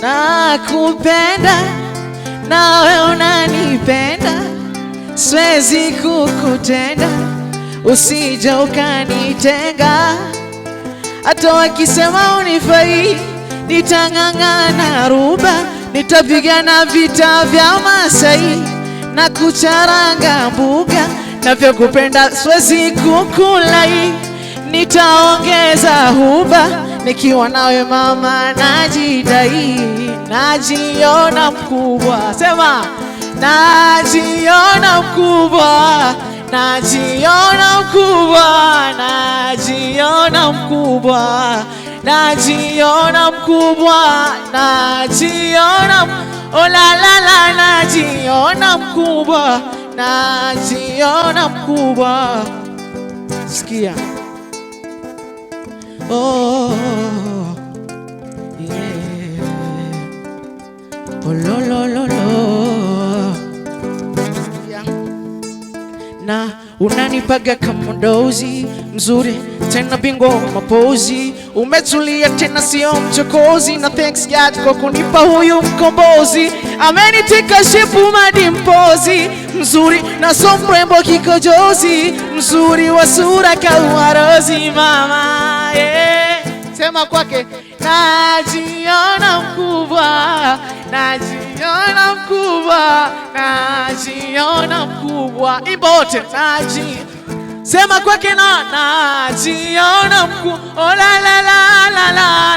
na kupenda nawe unanipenda, siwezi kukutenda, usije ukanitenga. Hata wakisema unifai, nitang'ang'ana ruba, nitapigana vita vya Masai na kucharanga mbuga, na vya kupenda siwezi kukulai, nitaongeza huba nikiwa nawe mama, najidai, najiona mkubwa, sema najiona mkubwa, najiona mkubwa, najiona mkubwa, najiona mkubwa, najiona olalala, oh najiona mkubwa, najiona mkubwa, sikia oh, yeah. oh, lo, lo, lo, lo. Na unanipaga kama dozi mzuri tena bingwa wa mapozi, umetulia tena sio mchokozi, na thanks God kwa kunipa huyu mkombozi, amenitika shepu madi mpozi mzuri na so mrembo kikojozi mzuri wa sura mama Sema kwake, najiona mkubwa, najiona mkubwa, najiona mkubwa. Imba wote, naji sema kwake, na najiona mkubwa, oh la la la la la